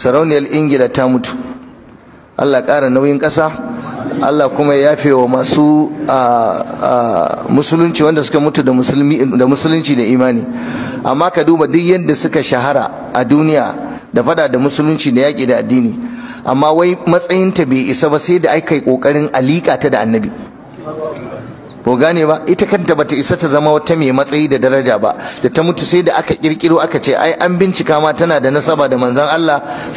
sarauniyar ingila ta mutu allah ƙara nauyin ƙasa allah kuma ya yafe wa masu musulunci wanda suka mutu da musulunci da imani amma ka duba duk yadda suka shahara a duniya da fada da musulunci da yaƙi da addini amma wai matsayinta bai isa ba sai da aka yi ƙoƙarin alika ta da annabi ko gane ba ita kanta bata isa ta zama wata mai matsayi da daraja ba da ta mutu sai da aka kirkiro aka ce ai an bincika ma tana da nasaba da manzon Allah